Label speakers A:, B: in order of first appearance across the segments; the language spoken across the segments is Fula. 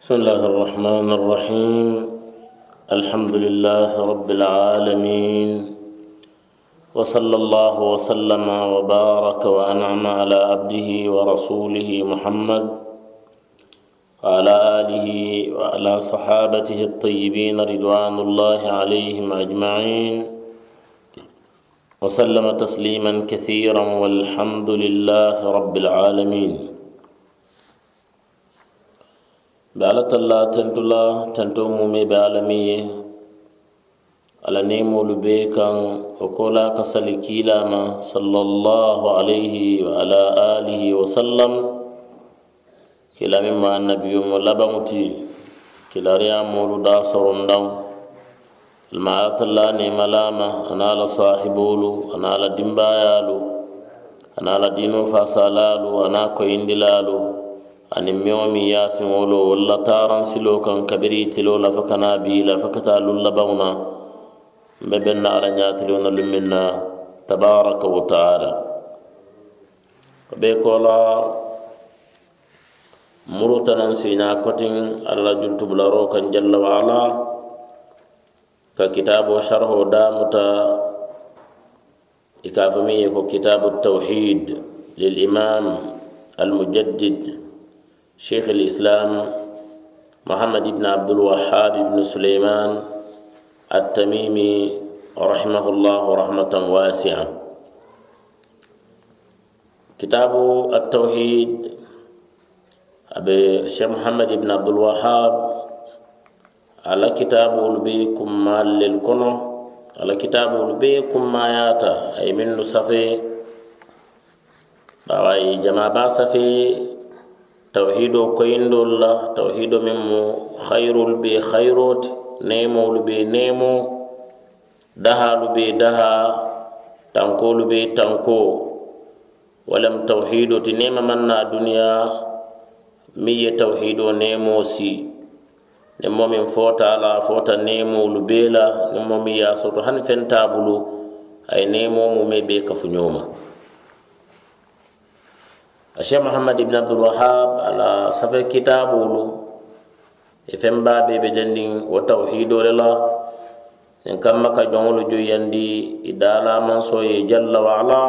A: بسم الله الرحمن الرحيم الحمد لله رب العالمين وصلى الله وسلم وبارك وانعم على عبده ورسوله محمد وعلى اله وعلى صحابته الطيبين رضوان الله عليهم اجمعين وسلم تسليما كثيرا والحمد لله رب العالمين be ala talla tentula tento mu mi be alami ye ala nemolu be kan o kola kasali kilama sallallahu alayhi wa ala alihi wa sallam kilami ma annabiyo mo labaŋuti kilariya molu da sorondaŋ alma ala talla nemalama ana ala sahibolu ana ala dimbayalu ana ala dino fasalalu ana koyindilalu ani mewo mi yasiŋolo walla taransilo kan kabiri tilo lafa kana bi lafa kata lullabaŋo na mbe benna ala ñatilo na lummin na tabaraka wa taala ko be kola murutanan siña kotin alla juntubularo kan jalla wa ala ka kitabo sharho damuta ikafamiye ko kitabu tawhid للإمام المجدد شيخ الإسلام محمد بن عبد الوهاب بن سليمان التميمي رحمه الله رحمة واسعة كتاب التوحيد أبي الشيخ محمد بن عبد الوهاب على كتاب البيكم مال للكنو على كتاب البيكم ما ياتا أي من bawa بواي جماعة صفي tawhido koyindolla tawhido min mo hayrol be hayrote nemolu be nemo dahalu be daha tankolu be tanko walam tawhido ti nema manna duniya miye tawhido nemo si nimmo min fota ala fota nemolu bela nimmo mi yasoto han fentabulu ay nemomume be kafuñoma a cheikh mohamad ibine abdulwahab ala safe kitaabolu e fembaabe be dendin wo tawhidore la en kamma ka jongolu joyandi i daalamansoye jalla waala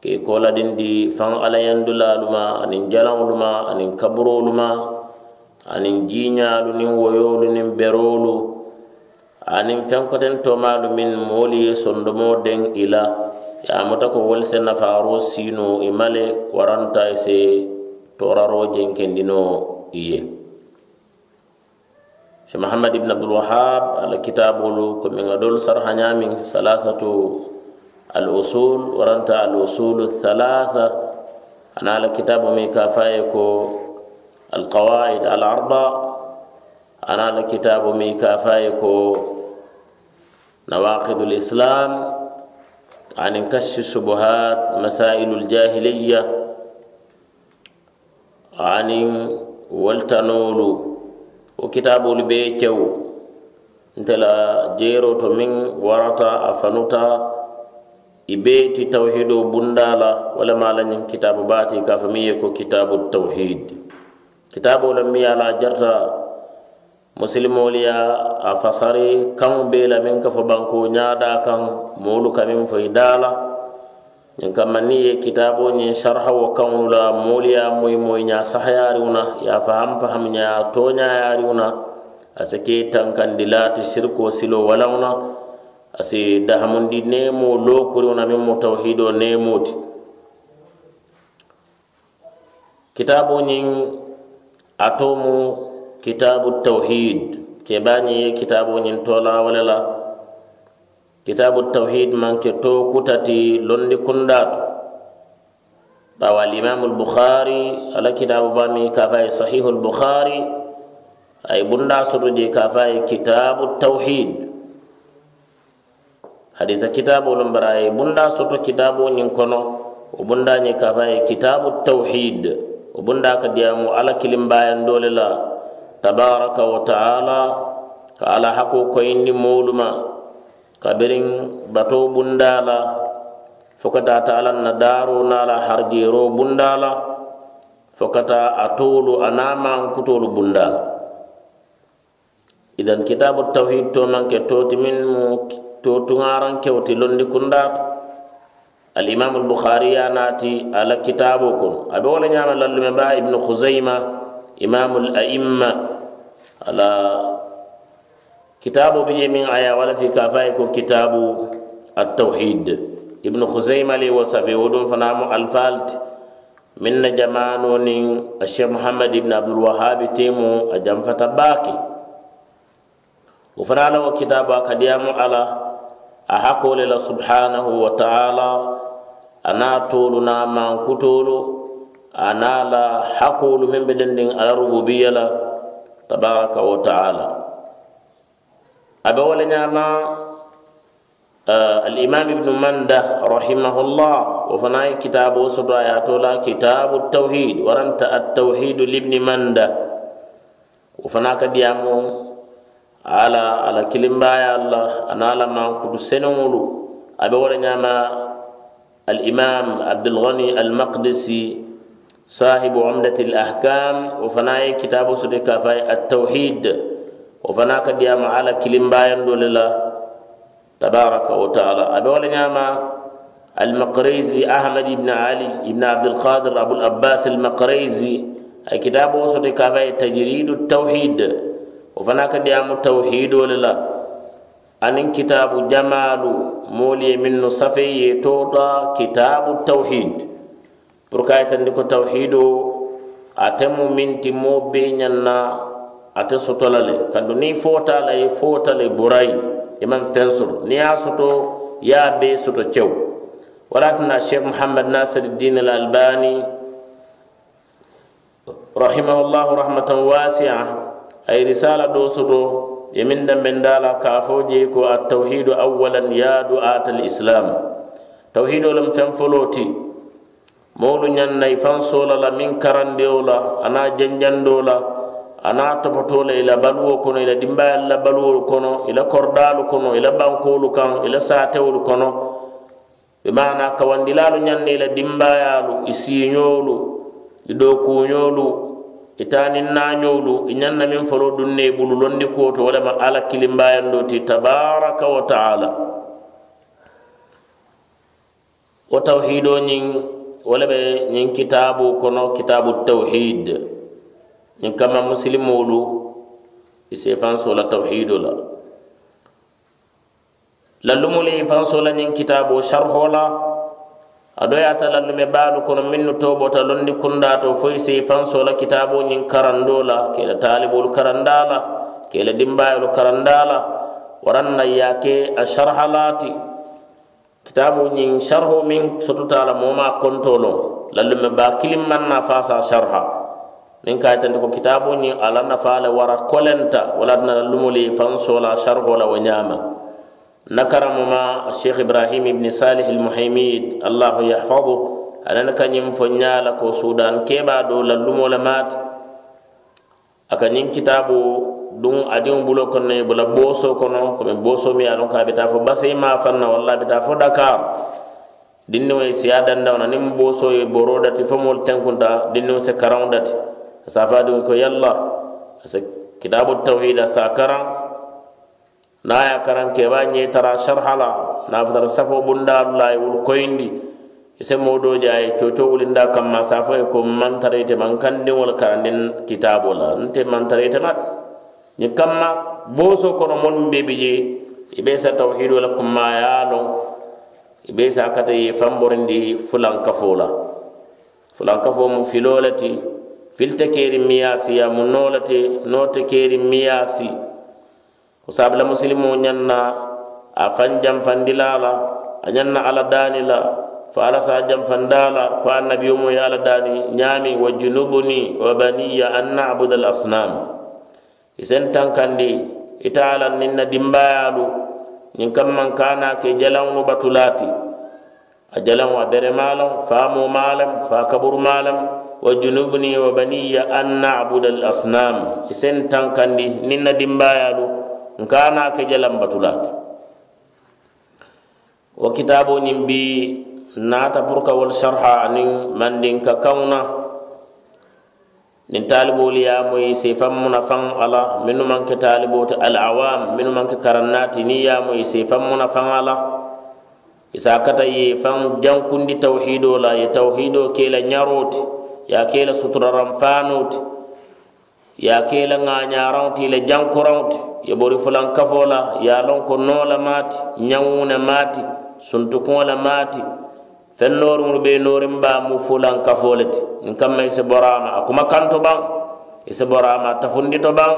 A: ke koladin di fan alayandulaaluma anin jalanluma anin kaburoluma anin jiñaalu nin woyolu nin beroolu anin fenkoten tomaalu min mooluye sondomo den ila yamata ko wol se nafaaro siino i e male waranta i e se toraro jenkendino i ye sheikh mohammad ibn abdul wahab ala kitabolu ko min adol sarhañaamin salathatu al usul waranta al usulu thalatha ana ala kitabu mi ka faye ko al qawaid al arba ana ala kitabu mi ka faye ko nawaqidul islam عن كشف الشبهات مسائل الجاهلية عن والتنول وكتاب البيتو انتلا جيرو من ورطا أفنطا ibeti tawhido bundala wala malañi kitabu bati ka famiye ko kitabu tawhid kitabu lamiyala jarta musilimool ye a fasari kaŋo bee la miŋ ka fo banko ñaadaa kaŋ moolu ka miŋ fo i daa la ñiŋ kamma niŋ ye kitaaboo ñiŋ sarha wo kaŋolu la moolu ye a moyi moyi ñaa sahayaariŋo na ye a faham faham ñaa tooñaayaariŋo na a si ke tankandi laati sirikoo siloo walaŋo na a si dahamundi neemoo lookuriŋo na miŋ mu tawhidoo neemoo ti kitaaboo ñiŋ a mu kitabu tawhid ke bani ye kitabu nin tola wala la kitabu tawhid man ke to kutati londi kundatu bawa imam al bukhari ala kitabu bami ka fa sahih al bukhari ay bunda sudu je ka fa kitabu tawhid
B: hadisa kitabu lumbara ay bunda sudu kitabu nin kono o bunda ni ka fa kitabu tawhid o bunda ka diamu ala kilimbayan dole la
A: tabaraka wa ta'ala ka ala hako ko inni moluma kabirin bato bundala fokata ta'ala na daro nala harjero bundala fokata atolu anama kutolu bundala idan kitabu tawhid to man ke toti min mu to tungaran ke wati londi kunda al imam al bukhari ya nati ala kitabu kun abi wala nyama lallu me ba ibn khuzaimah imamu al-a'imma ala kitabu bi min aya wala fi kafai ko kitabu at-tauhid ibnu khuzaima li wasafi wodum fanamu al-falt minna jamano nin sheikh muhammad ibn abdul wahhab temu a jamfata baki o fana la wo kitabu akadiyamu ala a hakole la subhanahu wa ta'ala ana tolu na mankutolu ana la hakkolu meŋ be dendiŋ ala rububiya la tabaraka wa taala a الإمام ابن منده رحمه الله وفناي كتابه سبرا يعطولا كتاب التوحيد ورمت التوحيد لابن منده وفناك ديامو على على كلمة يا الله أنا لما كنت سنولو أبي ولنما الإمام عبد الغني المقدسي صاحب عمدة الأحكام وفناي كتاب سدك التوحيد وفنا كديام على كلم باين الله تبارك وتعالى أبي نعمة المقريزي أحمد بن علي بن عبد القادر أبو الأباس المقريزي كتاب سدك تجريد التوحيد وفنا كديام التوحيد الله أن كتاب جمال مولي من صفي توضى كتاب التوحيد pour ka yitandi ko tawhido ate mu minti na ate sotolale la ni kandu niŋ foota la ye foota le burayi imam maŋ ni a soto ye a soto cew muhammad nasiruddin al albani rahimahullahu rahmatan wasia ay risala do soto ye min dambendala ka kafo je ko at tawhidu awalan ya ata islam Tauhidu lam feŋ foloti moolu ñannayi fansoo la la min karandewo la ana janjandoo la ana topotoo la ila baluwo kono ila dimbayal la baluwolu kono ila kordaalu kono ila bankoolu kan ila saatewolu kono ɓe maana kawandilaalu ñanne ila dimbayaalu i siiñoolu i dookuuñoolu i taaninnaañoolu i ñanna min foloo dunne i ɓulu londi kuwo to walema ala kilimbayando ti tabaraka wa taala wo tawhiidoñing wo le be ñiŋ kitaabu kono kitaabu tawhid ñiŋ kama musilimolu i si ifanso la tawhido la lallumulu ifanso la ñiŋ kitaabu sharho la adoyata lallume baalu kono minnu tobota londi kundato fo i si ifanso la kitaabu ñiŋ karando la ke la taalibolu karanda la ke la dimbayolu karanda la waraŋ na yaake a sharha laati kitabu ñiŋ sharho miŋ sotuta la moo maa kontolo lallu me baa kilim maŋ nafa sa sharha niŋ ka yitandi ko kitabu ñiŋ ala nafa le wara kolenta wala tina lallumolu ye faŋ la sharho la wo ñaama nakaramo ma sheikh ibrahim ibni salih almuhaimid allahu yahfadu anan ka ñiŋ fo ñaa la ko sudan keebaa do lallumo le maati a ka ñiŋ kitabu dun adiŋo bulo kono ye bula booso kono komi booso mi ye a loŋ ka a be taa fo basi maa fanna walla a be taa fo dakar dinniŋo ye siya dandaŋo na niŋ booso ye boro dati fo moolu tenkunta dinniŋo se karaŋo dati a se a fa diŋo ko yalla a se kitabu tawhida sa karaŋ na e e a ye karaŋ ke baa ñee tara sarha la na a fatara safo bundaalu la a ye wolu koyindi i se moodoo je a ye cooco wulinda kamma sa fo ye ko mantara ite man kandiŋo le karandiŋ kitabo la nte mantara ite mati ni kamma boso kono mon be be je ibe sa tawhidu la kuma ya lo ibe sa kata ye famborindi fulan kafola fulan kafo mu filolati filte keri miyasi ya mu nolati note keri miyasi ko sabla muslimu nyanna a fanjam fandilala a nyanna ala danila fa ala sa jam fandala fa annabiyumu ya ala dani nyami wa junubuni wa baniya an na'budu al asnam isen tankandi italan nin na dimbayalu nin kamman kana ke jalanu batulati a jalan wa bere malam famu malam fa kabur malam wa junubni wa baniya an na'bud al asnam isen tankandi nin na dimbayalu kana ke jalan batulati wa kitabu nin bi nata burka wal sharha nin mandin ka kauna nin taaliboolu ye a moy seifaŋ muna faŋ a la minnu maŋ ke taalibo ti alawam minnu maŋ ke karannaati niŋ ye a moy seifaŋ muna faŋ a la i se a kata ye faŋ jankundi tawhidoo la ye tawhidoo ke i la ñaroo ti ye a ke i la suturaraŋ faanoo ti ye a ke i la ŋaañaaraŋo ti i la jankuraŋo ti ye bori fulaŋ kafoo la ye a loŋ ko noo la maati ñaŋo la maati suntukuŋo la maati fen nooruŋolu be noorin ba mu fulan kafo le ti ŋ kamma i si borama a kuma kanto baŋ i si borama tafundito baŋ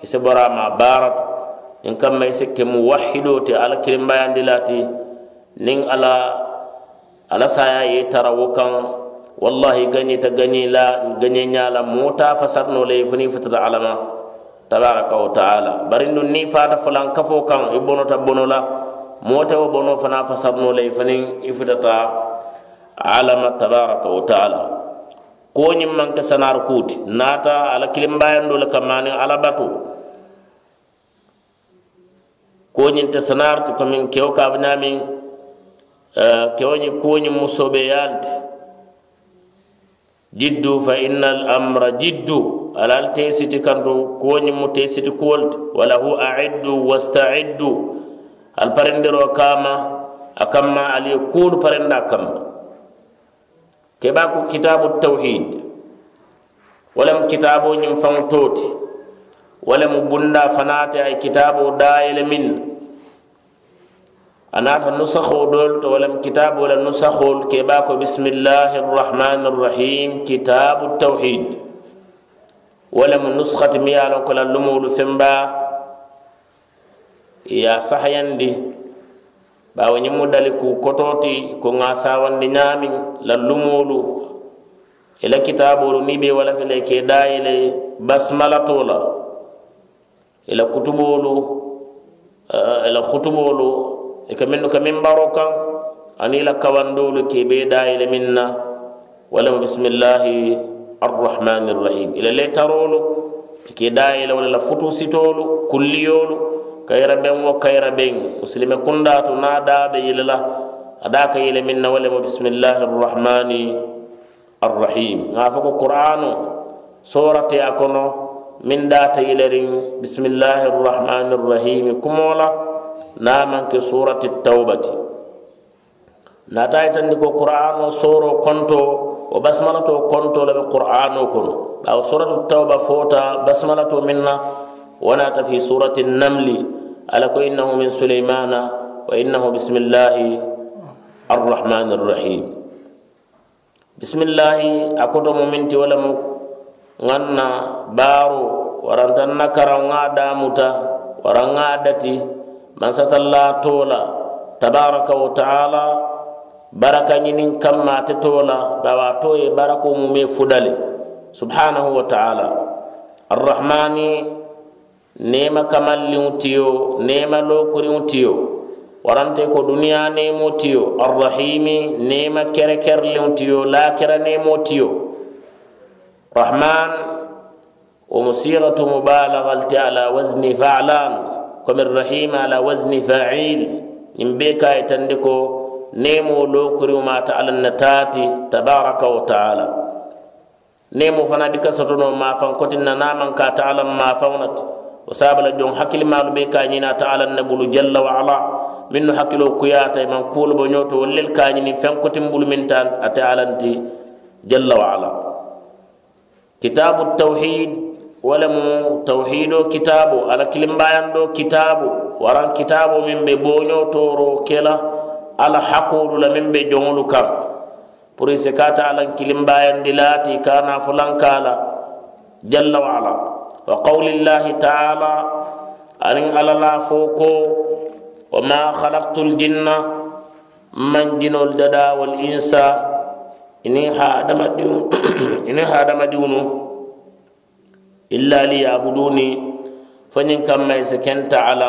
A: i si borama baara to ŋ kamma i si ke wahido ti alla kilimbayandi la ti niŋ ala ala saya ye tara wo kaŋ wallahi gañita gañi la gañe ñala moo ta fasarno le fani fatata alama tabaraka wa taala bari ndu ni fata fulan kafo kaŋ i bonota bono la moo tewo bono fana fasarno le fani i alama tabaraka wa taala koñim manke sanar kuti nata ala kilimbayandole kamani ala bato koñinte sanarti komin kewo kafanamin eh, kewoñi koñim musoɓe yalti jiddu fa inna lamra jiddu alal tesiti kandu koñim mu tesiti kuwolti walahu aiddu wastaiddu alparendiro kama akamma ali kuulu parenda kamma keba ko kitabu tawhid walam kitabo nyum faŋ tooti walam bunda fanate ay kitabo daayele min anata nusakhu dol to walam kitabo la nusakhol keba ko bismillahi arrahmani arrahim kitabu tawhid walam nuskati mi ye a semba ya sahayandi bawo ñimmu dali ku kototi ko ŋa sawandi ñamin lallumolu i e la kitabolu ni be wala fele ke dayile basmalato la i e la kutubolu i eh, e la hutubolu ka min baro kan ani la kawandolu ke be dayile min na walamo bisimillahi arrahmani rrahim i la letarolu ke dayile wala la futu sitolu kulliyolu kayra ben wo kayra ben muslime kundatu na daɓe yilela ada ka yile min na walemo bisimillahi arrahmani arrahim ga fo ko qur'anu sorate a kono min data yilerin bisimillahi arrahmani arrahimi kumola namanke surati taubati nata yitandi ko qur'anu soro konto o basmalato konto laɓe qur'anu kono ɓawa suratu tawba fota basmalato minna ولات في سورة النمل ألا إنه من سليمان وإنه بسم الله الرحمن الرحيم بسم الله أكد مؤمنتي ولم غنى بارو ورنت النكر غادا متى ورنغادتي من الله طولا تبارك وتعالى baraka ñinin kammate tola bawa toye barako mume fudale subhanahu wa taala arrahmani nema kamalliŋo tiyo nema lookuriŋo tiyo warante ko duniya nemo tiyo arrahimi nema kerekerliŋo tiyo lakira nemo tiyo rahman wo musiratu mubalagalti ala wasni falan comme rahim ala wasni fail ñiŋ be kaye tandi ko nemo lookuriŋo mata alla na taati tabaraka wa taala nemo fana bika sotono mafan kotinna namanka taalan mafaŋo nati o saabala jon hakkilemaalu mey kañina ta alan nabulu jalla wa ala min no hakkilo kuyata e man kuolobo ñoto wollel kañini fenkotimbulu min tan ate alanti jalla wa ala kitabu tawhid wala mu tawhido kitabu ala kilimbayan do kitabu waran kitabu min be boño toro kela ala hakolu la min be jongolu kam pour se kata alan kilimbayan dilati kana fulan kala jalla wa ala وقول الله تعالى أن على لا فوق وما خلقت الجن من جن الجدا والإنس إني هذا ما دون هادم ديون إلا ليعبدوني فنين ما يسكنت على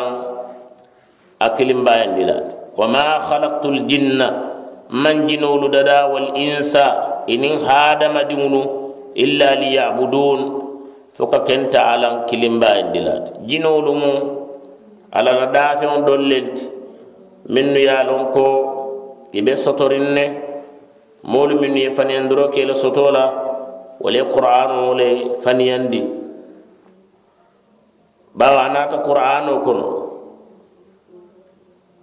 A: أكل باين دلال وما خلقت الجن من جن الجدا والإنس إني ما دون إلا ليعبدون foka ken taalan kilimbayindilaati e jinolu mu ala la daafeŋo dollelti minnu ye a loŋ ko i be sotorin ne moolu minnu ye faniyandiro ke la soto la wo le qur'ano le faniyandi bawo a naata qur'ano kono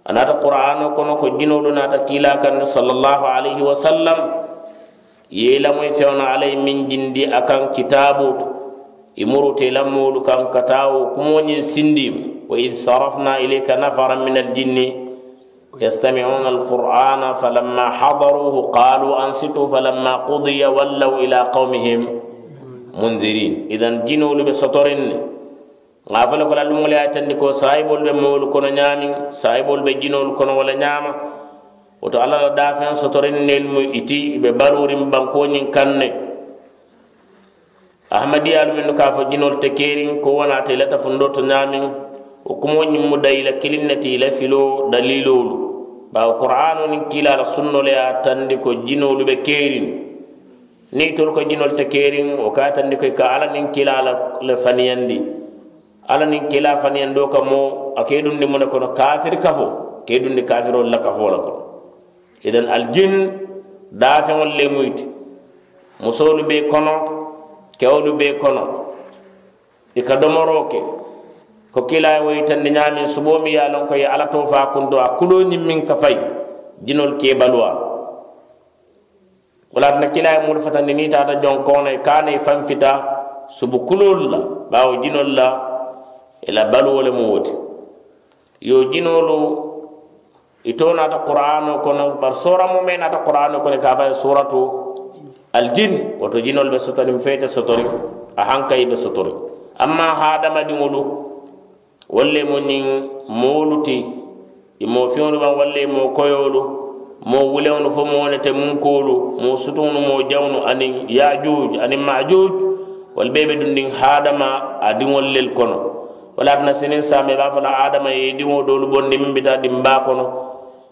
A: a naata qur'ano kono ko jinolu naata kiila kanne sallallahu alayhi wa sallam yeilamoy e fewna alay min jindi a kan kitabutu imurute lamolu kan katawo kumoñin sindim wa id sarafna ilayka nafaran min aljinni يستمعون القرآن فلما حضروه قالوا أنصتوا فلما قضي ولوا إلى قومهم منذرين إذا جنوا لبسطرن غافل كل المولى تنكو سايب المول كن نعم سايب البجنول كن ولا نعم وتعالى دافن سطرن المؤتي ببرور بنكون كنّ ahamadiyalu min ka fo jinol te kerin ko wonate lata fo ndo to ñamin o kumo ñim mu dayila kilinnati ila filo dalilolu bawo qur'anu nin kilala sunnole ya tandi ko jinolu be kerin ni tol ko jinol te kerin o ka tandi koy ka ala nin kilala le faniyandi ala nin kila faniyando ka mo akedundi mun kono kafir kafo kedundi kafiro la kafo la ko idan aljin dafe wallemuiti musolu be kono kewolu be kono i e ka domoro ke ko kila e woyitande ñamin subomi ya lon koye ala to fa kundo a kuloñin min ka fay jinol kebaluwa walatana kila e mulu fatandi ni tata jon kono e kana e fanfita subu kulol la bawo jinol la ela baluwole mu woti yo jinolu ito nata qur'ano kono bar sora mumenata qur'ano kono ka fay suratu aljin woto jinol ɓe sotanim feyta sotori a hankayi ɓe sotori amma haɗamaɗiŋolu walle mo nin moluti imo fiŋolu ɓan walle mo koyolu mo wulewnu fo mo wonete munkolu mo sutunu mo jawnu anin yajuj anin majuj wal ɓeɓe ɗum nin haɗama a diŋol lel kono walatna sinin same ɓa fala adama ye diŋo ɗolu ɓondi min bita ɗin ba kono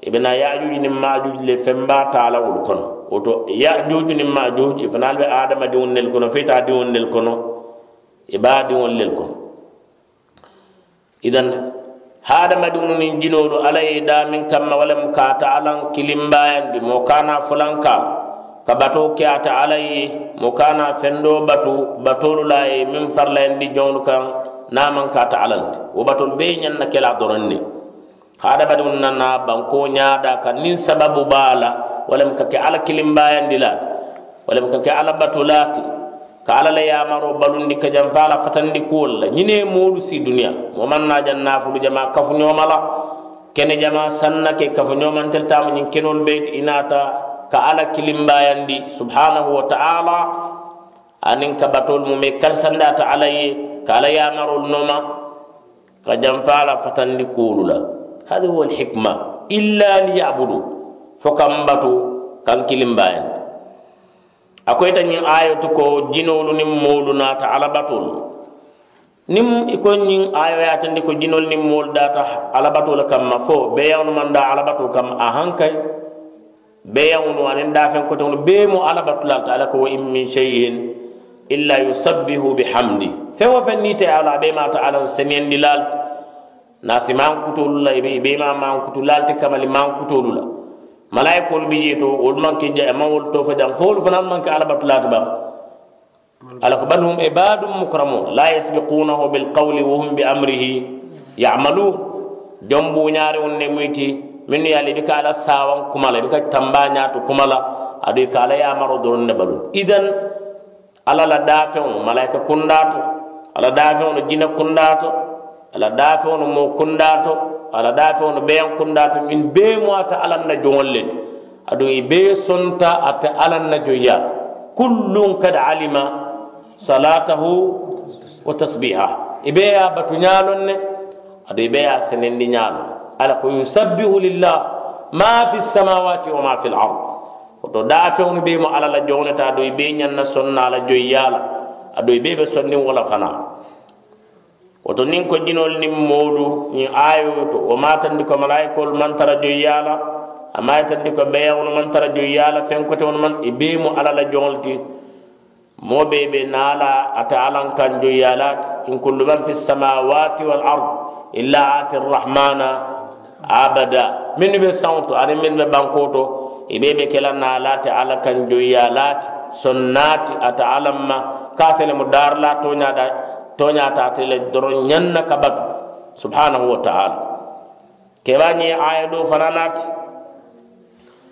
A: i bena yajuji nin majuji le femba tala wol kono woto yajuji nin majuji i e fanal be adama diŋol nel kono feta diŋol nel kono i e ba diŋol lel kono idan hadamadiŋo nin jinolu alla ye damin kamma walam ka ta alan kilimbayandi mo kana fulan ka ka bato ke ata alla ye mo kana fendo batu batolu la ye min farlayandi joŋolu kan naman ka ta alanti wo batolu be ñanna kela doroŋ ne hadamadiŋo nana banko ñaada ka niŋ sababu be a la walam ka ke alla kilimbayandi la walam ka ke alla batulaati ka alla la yamaro balundi ka janfa a la fatandi kuwol la ñine moolu si duniya mo maŋ na jaŋ naafulu jama kafuñooma la kene jama sanna ke kafuñoomantelitaamu ñiŋ kenolu be i naata ka alla kilimbayandi subhanahu wa taala aniŋ ka batoolu mu me kalisandaata alla ye ka alla yamarolu noma ka janfa a la fatandi kuwolu la hada huwa alhikma illa liyabudu fokambatu kan kilimbayan akoyta ñin ayatu ko jinolu nin molu nata alabatol nim iko ñin ayoyatandi ko jinol nin molu data alabatol kamma fo be yawnumanda alabatol kamma a hankay be yawnu anin dafen kotenu be mo alabatulalta ala ko wo in min cheyin illa yusabbihu bihamdi fewo fen nite ala be mata alan seniyandi lalta nasi mankutolu la ibe ibe ma mankutu lalti kamali mankutolu la malai kol bi yeto ol man ke jama wol to fa jam holu fa man ke alabat lati ba ala ko banum ibadum e mukramu la yasbiqunahu bil qawli wa hum bi amrihi ya'malu jombu nyaare on ne muyti min ya li bika ala sawan kumala bika tamba nyaatu kumala adu ka ala ya maro don ne balu idan ala la dafe on malaika kundatu ala dafe on jina kundatu ala daafeŋolu mo kundato ala daafeŋolu beeyaŋ kundato min bee moata alaŋ na joŋol le ti aduŋ i bee sonta ate alaŋ na joya kullun kad alima salatahu wa tasbiha i bee ye a batu ñaalon ne aduŋ i bee ye a senindi ñaalon ala ko yusabbihu lillah ma fi samawati wa ma fi lard woto daafeŋolu bee mo ala la joŋo le ta aduŋ i bee ñaŋ na sonna la joya la aduŋ i bee be sonniŋ wo la fanaŋ oto nin ko jinol nin moolu ñin aayoto wo matandi ko malaikol man tara joyi yaala a maytandi ko beyaŋolu man tara joyi yaala fenkote wono man i e beemu ala la joŋol ti moɓe ɓe naala ata alan kan joyi yaalaati in kullu man fi samawati wal ard illa ati rrahmana abada minnu ɓe saŋto aniŋ minnu ɓe ɓankoto i e ɓe ɓe kela naalaati ala kan joyi yaalaati sonnaati ata alan ma kaatele mo daarlaa toñaaɗa toñatate le doro ñanna kabatu subhanahu wa taala kebañi aya do fananati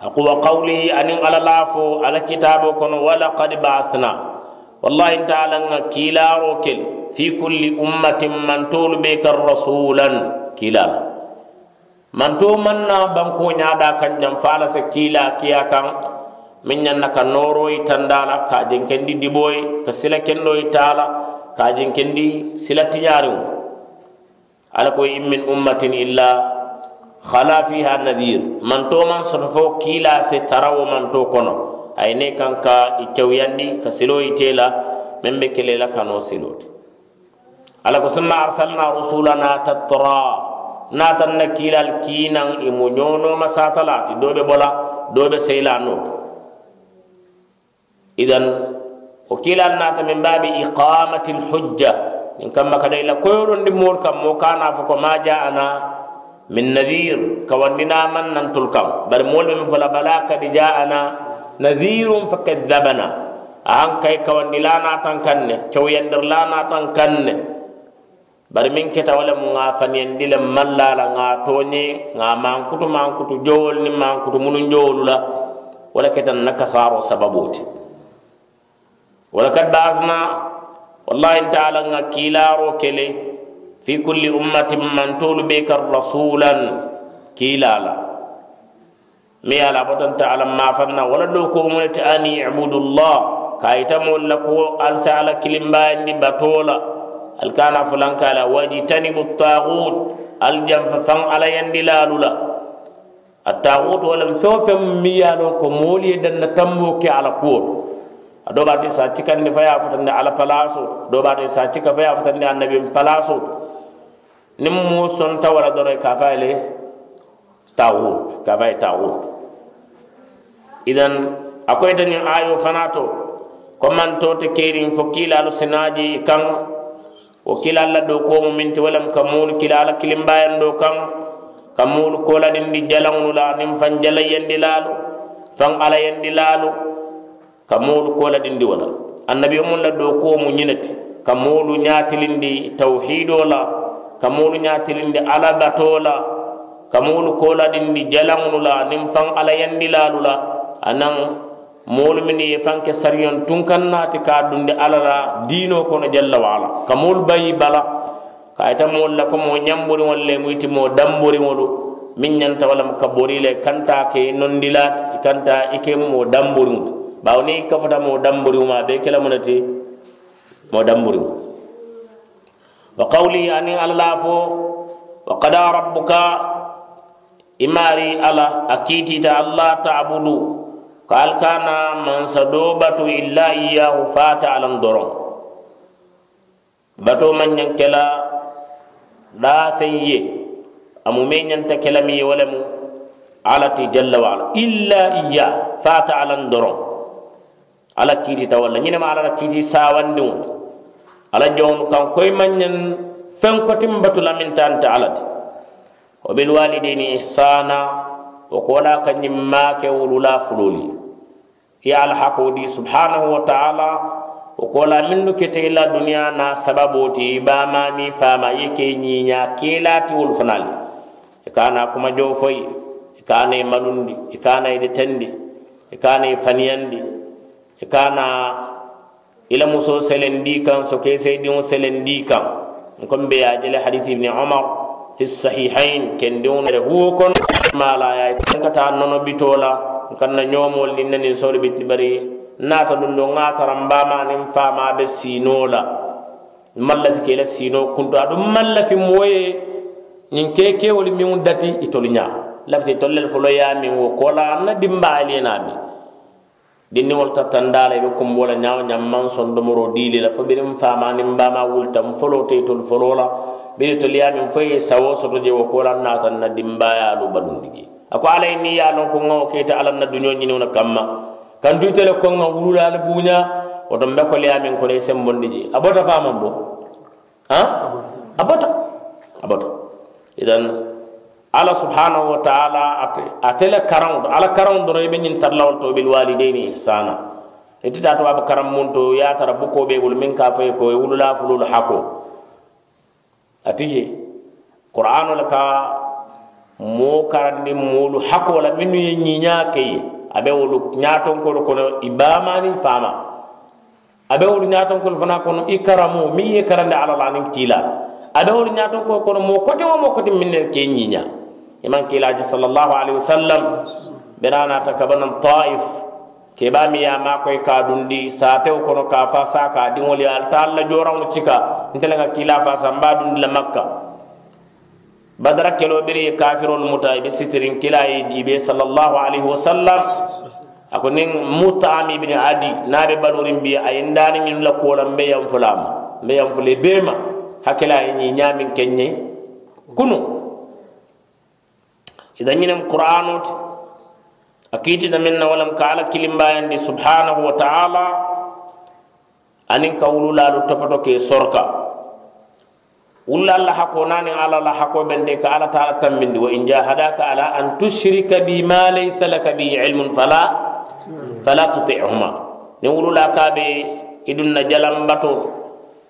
A: aquwa qawlihi anin alalafo ala kitabo kono walakad basna wallahi ntalanga kilaro kel fi kulli ummatin mantolu be kan rasulan kilala manto manna banko ñada kanjam fala se kila kiya kan min ñannaka noroyi tandala ka jenkendi diboye ka sila kelloyi tala kajin kendi silati ñaari mu ala ko in min ummatin illa hala fiha nadir manto man sotofo kila se tarawo manto kono ay ne kan ka i cewyandi ka silo itela men be kelela kano siloti ala ko summa arsalna rusulana tatra natan na kilal kinan imu nyono masatalati dobe bola dobe seila no idan o kiilan naata min mbaabi iqamati lhujja min kamma kada ila koyorondi moor kam mo kana fo ko ma ja ana min nadir ka wandinaman nantol kam bari moolu ɓe min fola bala kadi ja ana nadirum fa kadabana an kay ka wandi lanatan kanne cowyandir lanatan kanne bari min keta wala mu ŋa faniyandile mallala ŋa toñe ŋa mankutu mankutu jowol ni mankutu munu jowolu la wala keta nna kasaro sababuti ولقد بعثنا والله تعالى كلا كلي في كل أمة من تول بك رسولا لا مي على بطن تعلم ما فنا ولا لوكم أن يعبدوا الله كايتمول لكو ألسى على كلمة باتولا الكان فلان كالا واجتنبوا الطاغوت الجم فان على يندلالولا الطاغوت ولم سوف ميالو كمولي دن تموكي على كور a ɗoɓate sa cikkanndi faya fotande ala palaso ɗoɓate sa cikka faya fotande annabi palaso nin mu son tawara doro kafayle tawu kafay tawu idan akoy tani ayo fanato ko man to te kerin fo kilalo sinaji kan o kilalla do ko mo minti walam kam mul kilala kilimbayan do kan kam mul kola din di jalangula nim fan jalayen di lalu fan ala yen di lalu ka moolu koladindi wo la annabi omu la do ko mu ñinati ka moolu ñaatilindi tawhido la ka moolu ñaatilindi ala bato la ka moolu koladindi jalaŋolu la nin faŋ ala yandilaalu la anaŋ moolu minnu ye faŋ ke sariyoŋ tunkaŋ naati ka dundi ala la diino kono jalla waala ka moolu bayi bala ka ita moolu la komo ñamboriŋol le mu yiti moo damboriŋolu miŋ ñanta wo lam ka bori le kanta ke nondilaati kanta ike mo damboriŋolu ɓaw ni kafata mo damburiuma ɓe kela munati mo damburiu wa qawli ani allah fo wa qada rabbuka imari ala a kiitita allah tabudu ko alkana mansa do batu illa iyahu fata alan doron bato mañan kela ɗafen ye amu meñanta kelami ye wala mu alati jalla wa ala illa iya fata alan doron ala kiiti taw walla ñinema alala kiiti sawandiŋo ala jowonu kan koy mañen feŋ kotin batu lamintante ala ti wo bil walidini ihsana wo kowona ka ñimmake wulula fuloli i ye alhaqo di subhanahu wa taala wo kola minnu kete i la duniya na sababoo ti i bamani fama i ye ke ñiña kelati wolu fanali i e kana kuma jo foyi i e kana i e malundi i kana i detendi i kana i faniyandi i ka na i la muso selendi kan soke seedinŋo selendi kan nkom be ye a jele hadise ibni omar fi sahihain kendiŋo ere huwo kono mala ya ka ta nono bito la nkan na ñoomol nin nanin soori biti bari naata dun do ŋa tarambama nin fama be sino la mallafi ke i la sino kunto aɗum mallafi mo ye ñiŋ ke kewolu miŋu dati itolu ña lafti itolu lel fo lo ya min wo kola an na dimbaalina min dinni wol tattandaalay ɓe kumbola ñaawo ñam man sondomoro diili la fo ɓirin faama nin mbama wultam folo teytol folo la ɓiri to liyamin fo ye sawo soto jewo kolan naatan na dimbayaalu balum digi a ko alay ni ya lon ko ŋawo keyta ala na duño ñiniwna kamma kan duytele konŋa wululaali buuña woto mbe ko liyamin kono ye sembondi je a bota faaman bo a bota a bota idan ala subhanahu wa ta'ala ate atela karam do ala karam do rebe nyin tallaw to bil walidaini ihsana eti ta to ab karam mun to ya tara buko be wul min ka fay ko e wul la fulul hako atiye qur'an la ka mo karandi mulu hako la min ye nyinya kay abe wul nyato ko ko ibama ni fama abe wul nyato ko fana ko ikramu mi ye karande ala la ni tila adawol ñaton ko kono mo kote wo mo kote min nen ke ñiña iman e kilaji sallallahu alaihi wasallam benana ta kabanan taif ke ba mi yama koy ka dundi sa tew kono ka fa sa ka dingoli al talla joran ucika ntele ga kila fa sa mba dundi la makka badra kelo biri e kafirul mutai bi e sitrin kilai di be sallallahu alaihi wasallam ako nin mutami ibn adi na be balurin bi ayndani min la ko lambe yam fulam be yam fulay bema hakela yi nyamin kenye kunu idañinem qur'anote a kiitinamin na walam ka ala kilimbayandi subhanahu wa taala anin ka wululaalu topoto ke sorka wulla alla hako nani ala la hako bende ka ala taala tammindi wa in jahadaka ala an tushrika bi ma laysa laka bihi ilmun fala fala tuti'huma nin wulula kaɓe idun na jalan bato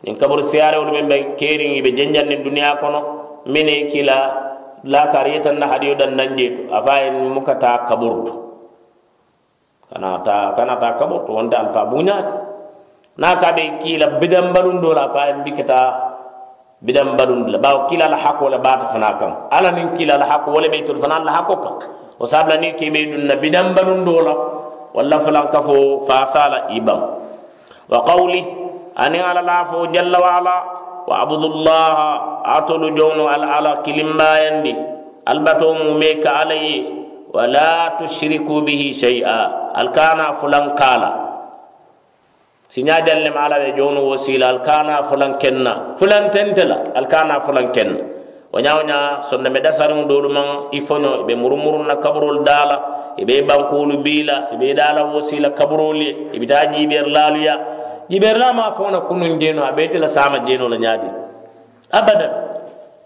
A: nin kaburu siyarewolu min ɓe keeri i ɓe jenjanni duniya kono min e kila la kariye na hadiyo dan nan je a fayin muka ta kaburtu kana ta kana ta kaburtu wanda alfa bunyati na ka be kila bidan barun do la fayin bikata bidan barun la ba kila la hako la bata fana kam ala nin kila la hako wala be tur fana la hako ka o sabla ni ke be dun na bidan barun do la wala falan kafo fa sala ibam wa qawli ani ala la fo jalla wa ala wa abdullah atolu jonu al ala kilimbayandi albato mume ka alaye wala tushriku bihi shay'a alkana fulan kala siñadel nem alaɓe jonu wasila alkana fulan kenna fulan tentela alkana fulan kenna wa ñawña sonna me ɗasarin ɗoɗuman ifono ɓe murumurunna kaburol dala ɓe bankolu bila ɓe dala wasila kaburol ye ɓita jiɓer laluya jiberna ma fona kunun jeno a beti la sama jeno la nyaadi abadan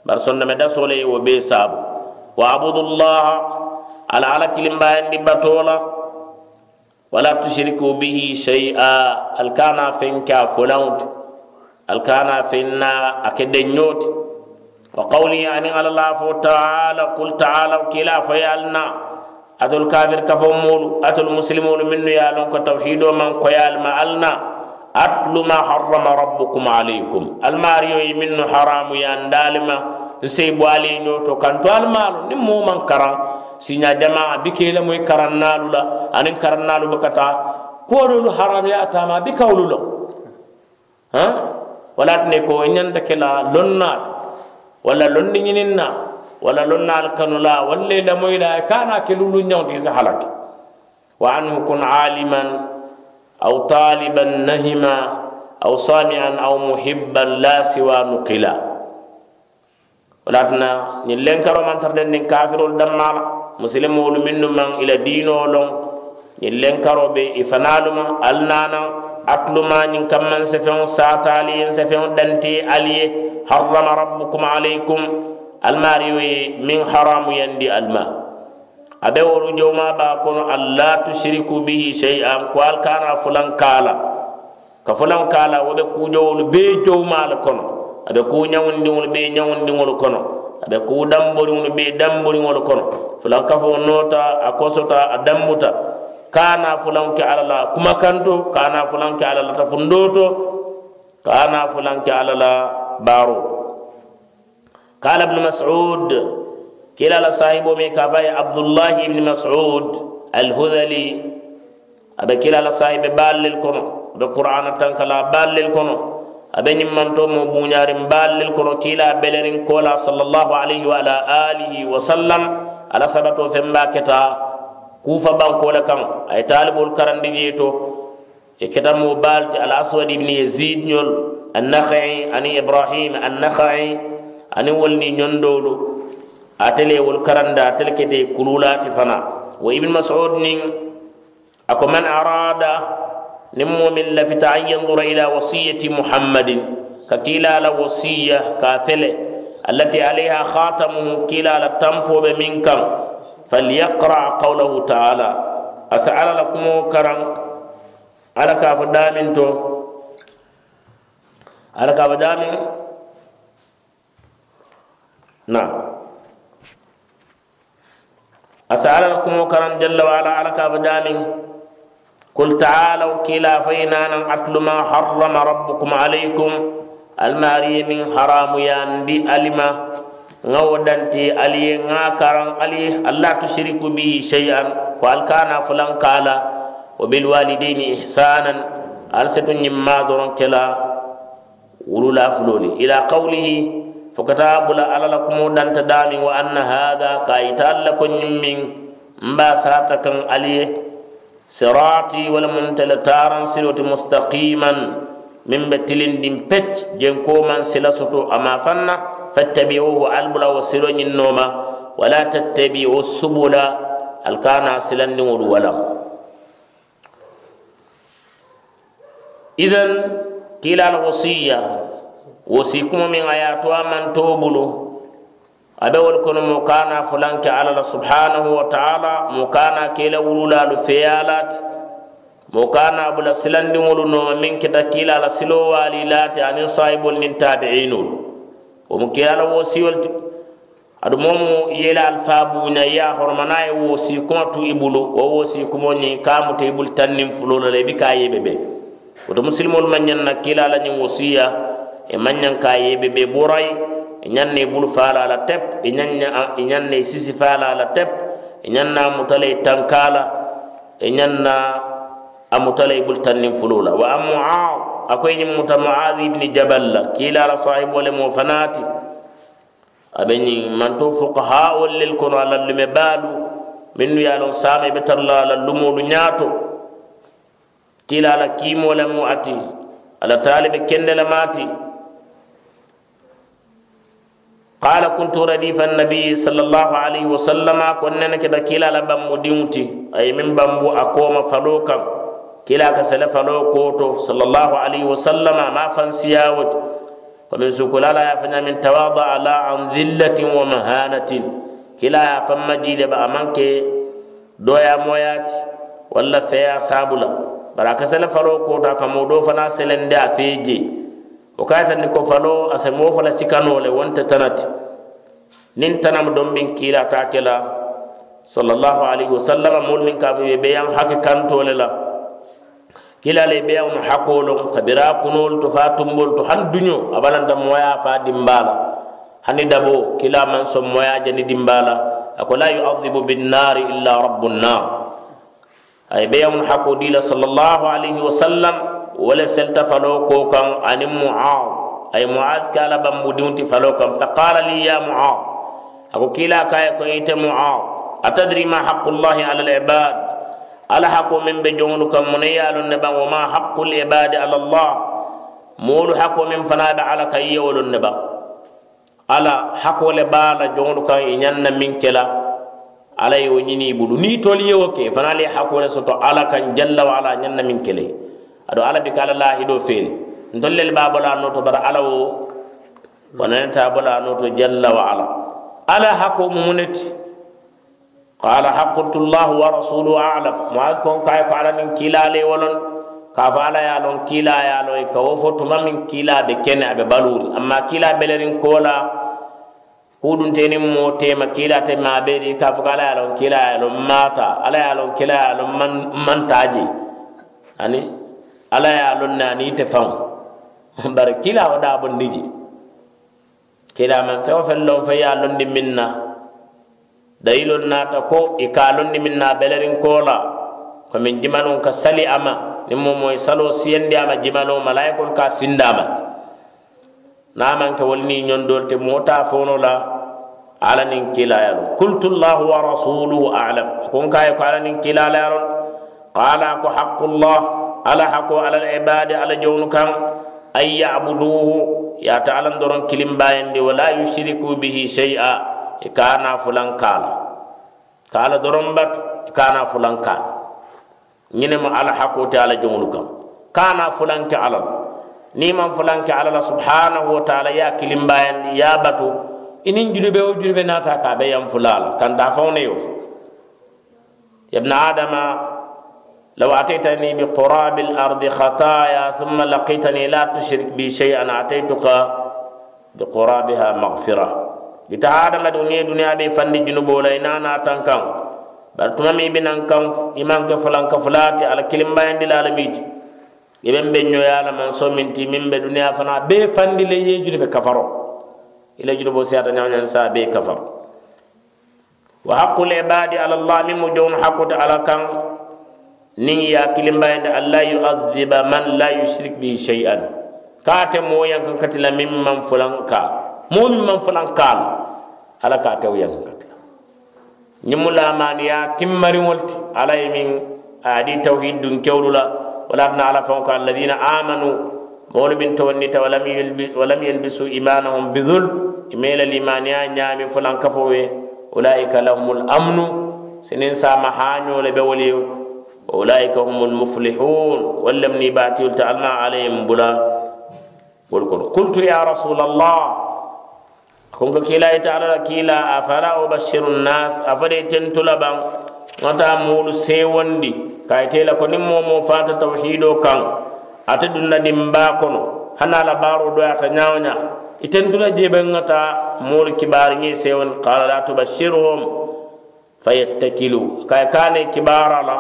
A: bar sonna me dasole wo be sabu wa abudullah ala ala kilimbayan di batola wala tushriku bihi shay'a alkana finka fulawt alkana finna akedenyoti wa qawli ani ala allah ta'ala qul ta'ala kila fayalna atul kafir kafo mulu atul muslimolu minnu ya lon ko tawhido man koyal ma alna atlu ma harrama rabbukum alaykum almaari yoyi e min no haramu yandalima nsey boale ñoto kanto almaalo ni moman karan siña jamaa bikela moy karannalu la anin karannalu bakata kodolu haram yatama bikawlu lo ha walat ne ko nyanda kila lonna wala lonni nyininna wala lonna al kanula walle la moy la kana kelulu nyaw di sahalak wa anhu kun aliman أو طالبا نهما أو صانعا أو محبا لا سوى نقلا ولكن نلين كرو من تردن كافر الدمار مسلم من من إلى دينه لون نلين كرو بإفنالما ألنانا أكلما نين من سفن ساتالي سفن دنتي علي حرم ربكم عليكم الماري من حرام يندي الماء abe wolu joma ba kono alla tusiriku bihi sheyan ko alkana fulan kala ka fulan kala wobe kujowolu be jowmala kono abe ku ñawndiol be ñawndiol kono abe ku damboriol be damboriol kono fulan kafo nota a kosota a dambuta kana fulanke alala kuma kanto kana fulanke alala ta fundoto kana fulanke alala baro kala ibnu mas'ud كلا لصاحبه من كفاي عبد الله بن مسعود الهذلي أبا كلا لصاحب بال للكنو بقرآن تنكلا بال للكنو أبي توم مبونيار بال للكنو كلا بلرين كولا صلى الله عليه وعلى آله وسلم على سبتو في مكتا كوفا بانكولا كان أي طالب الكرن ديجيتو كتمو بالت على أسود بن يزيد نيول النخعي أني إبراهيم النخعي أني ولني نندولو atele wol karanda atele kete kululati fana wa ibn mas'ud nin ako man arada nin mumin la an yanzura ila wasiyati muhammadin ka kila la wasiya ka fele allati alaiha khatamu kila la tampo be kan falyaqra qawlahu taala asala ala la kumo karan ala ka fo damin to ala ka fo damin na asa ala kumo karam jalla wa ala ala kaba dami kul ta'ala wa kila fayna nan atlu ma harrama rabbukum alaykum al mari min haramu ya bi alima ngaw danti ali nga karam ali allah tushriku bi shay'an ko al kana fulan kala wa bil walidayni ihsanan al satun nimma doron kala ulula fulani ila qawlihi fo kata bula ala la kumu danta dami wa anna hada ka ita alla ko nyimmin mba sata kan aliye sirati wala muntala taran sirati mustaqiman min be din pet jen ko man sila ama fanna fattabi'uhu albula wa silo noma wala tattabi'u subula alkana silan din wala idan kila al wosi kuma min a yatuwa man tobulu a be wol kono mo kana fulanke ala la subhanahu wa ta'ala mo kana kela wululalu feyalati mo kana bula silandiŋolu noma min kita kila la silo wali lati anin sahibol nin tabiinolu womu kela la wosiwol ti adu momu yela alfabuña ya hormana ye wosi kuma tu i bulu wo wosi kumo ñi kamuta i bul tannin fulola la e i bi ka yebe be woto musilimolu ma ñanna kila la ñin wosiya e mañanka yeɓe ɓe ɓuray e ñannay bul faalala tep e ñane ñanna sisi faalala tep e ñanna mutale tankala e ñanna a mutale bul tannin fulula wa an muaw a koyñin muta muad ibni jaballa kiilala sahibole mo fanati aɓeñin manto fukaha ollel kono alallume baalu minnu yalon saama ɓe talla alallumolu ñaato kiilala kiimole mo ati ala taaliɓe kendele maati قال كنت رديف النبي صلى الله عليه وسلم كنا كده كلا لبم مديوتي أي من بمبو أقوم فلوكا كلا كسل فلوكوتو صلى الله عليه وسلم ما فنسياوت ومن سكولا لا يفنى من تواضع لا عن ذلة ومهانة كلا فما جيد بأمانك دويا مويات ولا فيا سابلا برا فلوكوتا كمودو فنا سلندي أفيجي o kaytanni ko falo ase moofola cikanole wonte tanati nin tanam donmin kiilatake la sallallahu alayhi wa sallam mol nin kaɓe ɓe ɓeyan hake kantole la kilale ɓeyano hakolon kabira kunol to fa tumbol to han duño abalanda moya fa dimbala hani dabo kila man so moya jani dimbala ako la yuadibu binnari illa rabbu nnar aye ɓeyano hako dila sallallahu alayhi wa sallam ولا سلت فلوكو كان عن معاذ أي معاذ كالا بمبودون تفلوكم تقال لي يا معاذ أقول كلا كاي كويت معاذ أتدري ما حق الله على العباد ألا حق من بجونك منيال النبا وما حق العباد على الله مول حق من فناد على كي النبا ألا حق لبال جونك إنن من كلا ألا يونيني ني نيتولي وكي فنالي حق لسطو ألا كان جل وعلا إنن من كلي aɗo alabi kala lahiɗo feeni ntollel babola noto bara ala wo wonanita bola noto jalla wa ala ala hakko mumuneti qala hakkultu llahu wa rasulu alam moaz kon kay ko alanin kiilale wolon kafo ala yalon kiila yalo e ka wo fo tuma min kiilaɓe kene aɓe baluri amma kiila ɓelerin koola huɗuntenin mo tema kiilate maɓeɗi kafo ko ala yalon kiila yalon mata ala yalon kiila yalon man, mantaji ani ala ye a loŋ ne aniŋ ite faŋo bari kiilaa wo daabondi je kiilaa maŋ feŋo feŋ loŋ fo ye a loŋ ni miŋ na dayiloŋ naata ko i ka a loŋ ni miŋ na a beleriŋ koo la komiŋ jimanuŋ ka sali a ma niŋ mu moyi saloo siyandi a ma jimanoo malayikolu ka sindi a ma na a maŋ ke wolu niŋ ñondoolu ti moo taa foono la ala niŋ kiilaa ye loŋ kultullahu wa rasuluhu alam ko n ka a ye ko ala niŋ kiilaa la ye loŋ qaala ko haqullah ala hako alal ibadi ala jawnu kan ay ya'buduhu ya ta'ala ndoron kilim bayende wala yushriku bihi shay'a e kana fulan kala kala doron bat e kana fulan kala ñine mo ala hako te ala jawnu kan kana fulan ke alal ni man fulan ke alala subhanahu wa ta'ala ya kilim bayende ya batu inin jurube o jurube nata ka be yam fulala kan da fawne yo ibn adama لو أتيتني بقراب الأرض خطايا ثم لقيتني لا تشرك بي شيئا أتيتك بقرابها مغفرة لتعادم دنيا دنيا بفند جنوب ولا إنانا تنكم بل تمامي بنانكم إمان كفلان كفلاتي على كلمة عند العالمين iben بن ñoyala من somminti من بدنيا فنا fana be fandi le yejude be kafaro ila jude bo siyata ñawñan sa be kafaro wa haqqul ibadi ala niŋ ye hakkilimbayandi alla yuaziba man la yushrik bihi shay'an kaa te moo yaŋ kaŋ kati la miŋ maŋ fulaŋ kaa moo miŋ maŋ fulaŋ kaa la alla kaa tewo yaŋ kaŋ kati la ñiŋ mu laamaaniya kimmariŋol ti alla ye miŋ adi tawhid dunkewolu la walatina alla faŋo ko alladina amanu moolu miŋ towonnita walam yelbisu imanahum bidul imee la limaniya ñaami fulaŋ kafo we ulaika lahumul amnu sinin saama haañoo le be wolu ulaika humul muflihun wallam ni bati ulta alma alayhim bula wol kon qultu ya rasul allah kon ko kila ita ala kila afala ubashiru nas afade tentula ban ngata mulu sewondi kay tela ko nimmo mo fata tawhido kan atadun na dimba kono hana la baro do ya tanyawnya itentula jeben ngata mulu kibar ngi sewon qala la tubashiruhum fayattakilu kay kane kibara la